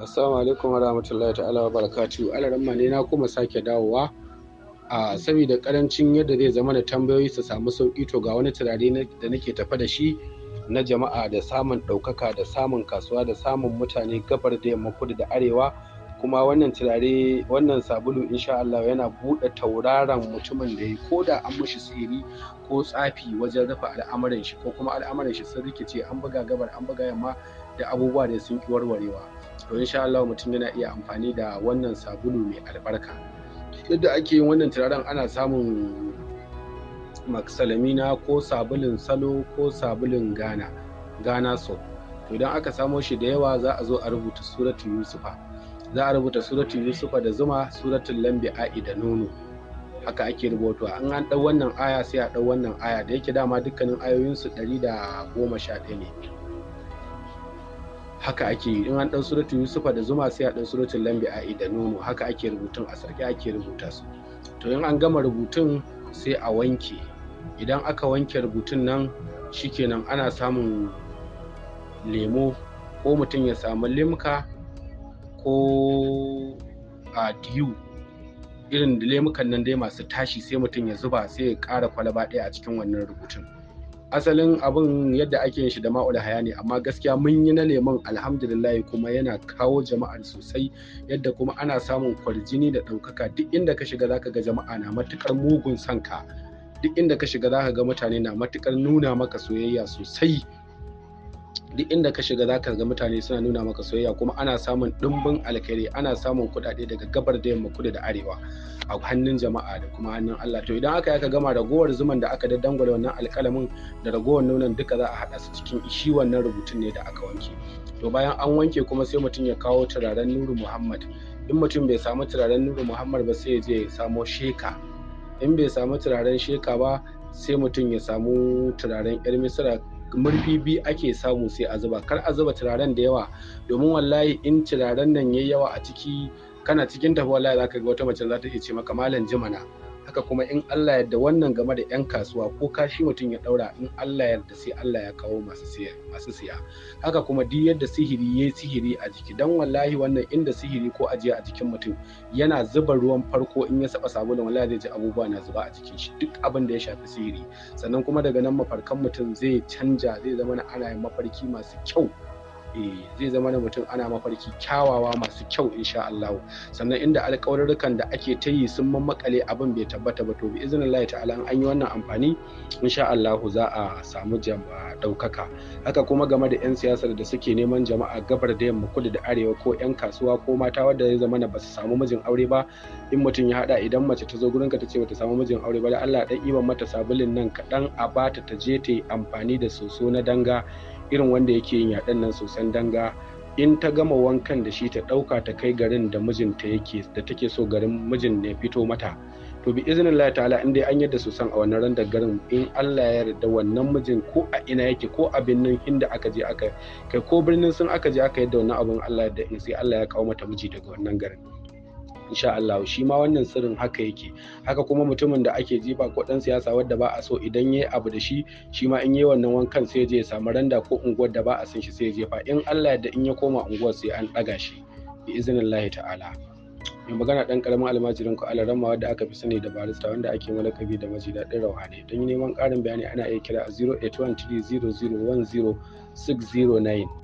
Assalamu alaikum wa rahmatullahi ta'ala wa barakatu. Alaran ne na kuma sake dawowa. A saboda karancin yadda zai zama da tambayoyi su samu sauki to ga wani turare da nake tafa da shi na jama'a da samun ɗaukaka da samun kasuwa da samun mutane gabar da yamma kudu da arewa kuma wannan turare wannan sabulu insha Allah yana buɗe tauraron mutumin da ya koda an mushi tsiri ko tsafi wajen rufe al'amuran shi ko kuma al'amuran shi sun rikice an buga gabar an buga yamma da abubuwa da sun ki warwarewa to insha Allah mutum yana iya amfani da wannan sabulu mai albarka yadda ake yin wannan turaren ana samun maksalamina ko sabulun salo ko sabulun gana gana so to idan aka samo shi da yawa za a zo a rubuta suratul yusufa za a rubuta suratul yusufa da zuma suratul lambi a'i da nono haka ake rubutuwa in an ɗau wannan aya sai a ɗau wannan aya da yake dama dukkanin ayoyinsu ɗari da goma sha ɗaya ne haka ake yi in an dan suratu yusufa da zuma sai a dan suratul lambi a da nono haka ake rubutun a sarki ake rubuta su to in an gama rubutun sai a wanke idan aka wanke rubutun nan shikenan ana samun lemo ko mutum ya samu limka ko a diyu irin lemukan nan dai masu tashi sai mutum ya zuba sai ya kara kwalaba ɗaya a cikin wannan rubutun asalin abin yadda ake yin shi da ma'ula haya ne amma gaskiya mun yi na lemon alhamdulillah kuma yana kawo jama'ar sosai yadda kuma ana samun kwarjini da ɗaukaka duk inda ka shiga zaka ga jama'a na matukar mugun sanka duk inda ka shiga zaka ga mutane na matukar nuna maka soyayya sosai duk inda ka shiga za ka ga mutane suna nuna maka soyayya kuma ana samun dimbin alkhairi ana samun kuɗaɗe daga gabar da yamma kudu da arewa a hannun jama'a da kuma hannun Allah to idan aka yi aka gama ragowar zuman da aka daddangwale wannan alkalamin da ragowar nunan duka za a haɗa su cikin shi wannan rubutun ne da aka wanke to bayan an wanke kuma sai mutum ya kawo turaren nuru muhammad in mutum bai samu turaren nuru muhammad ba sai ya je ya samo sheka in bai samu turaren sheka ba sai mutum ya samu turaren yar misira murfi biyu ake samu sai a zuba kar a zuba turaren da yawa domin wallahi in turaren nan yayi yawa a ciki kana cikin tafi wallahi zaka ga wata mace za ta iya ce maka malam jimana haka kuma in Allah yadda wannan game da 'yan kasuwa ko kashi mutum ya daura in Allah yadda sai Allah ya kawo masu siya haka kuma duk yadda sihiri yi sihiri a jiki don wallahi wannan inda sihiri ko ajiya a jikin mutum yana zuba ruwan farko in ya saba sabulun wallahi zai ji abubuwa na zuba a jikin shi duk abin da ya shafi sihiri sannan kuma daga nan mafarkan mutum zai canja zai zama na ana mafarki masu kyau eh zai zama na mutum ana mafarki kyawawa masu kyau insha Allah sannan inda alƙawarrukan da ake ta yi sun mammakale abin bai tabbata ba to bi iznillahi ta'ala an yi wannan amfani insha Allah za a samu jama'a daukaka haka kuma game da 'yan siyasar da suke neman jama'a gabar da yamma kudu da arewa ko 'yan kasuwa ko mata wadda zai zama na ba su samu mijin aure ba in mutum ya hada idan mace ta zo gurin ka ta ce bata samu mijin aure ba da Allah dan iban mata sabulin nan kaɗan a bata ta je ta yi amfani da soso na danga irin wanda yake yin yaɗan nan sosan danga in ta gama wankan da shi ta ɗauka ta kai garin da mijinta yake da take so garin mijin ne fito mata to bi izinin ta'ala in dai an yadda su san a wannan da garin in Allah ya yarda wannan mijin ko a ina yake ko a birnin inda aka je aka kai ko birnin sun aka je aka yadda wannan abun Allah ya yarda in sai Allah ya kawo mata miji daga wannan garin insha Allah shi ma wannan sirrin haka yake haka kuma mutumin da ake jefa ko dan siyasa wanda ba a so idan yayi abu da shi shi ma in yayi wannan wankan sai je ya samu randa ko unguwar da ba a san shi sai ya jefa in Allah da in ya koma unguwar sai an daga shi bi iznillahi ta'ala mai magana dan karamin almajirin ku alarama wadda aka fi sani da barista wanda ake malakabi da maji daɗin rauhani don neman karin bayani ana iya kira a 08130010609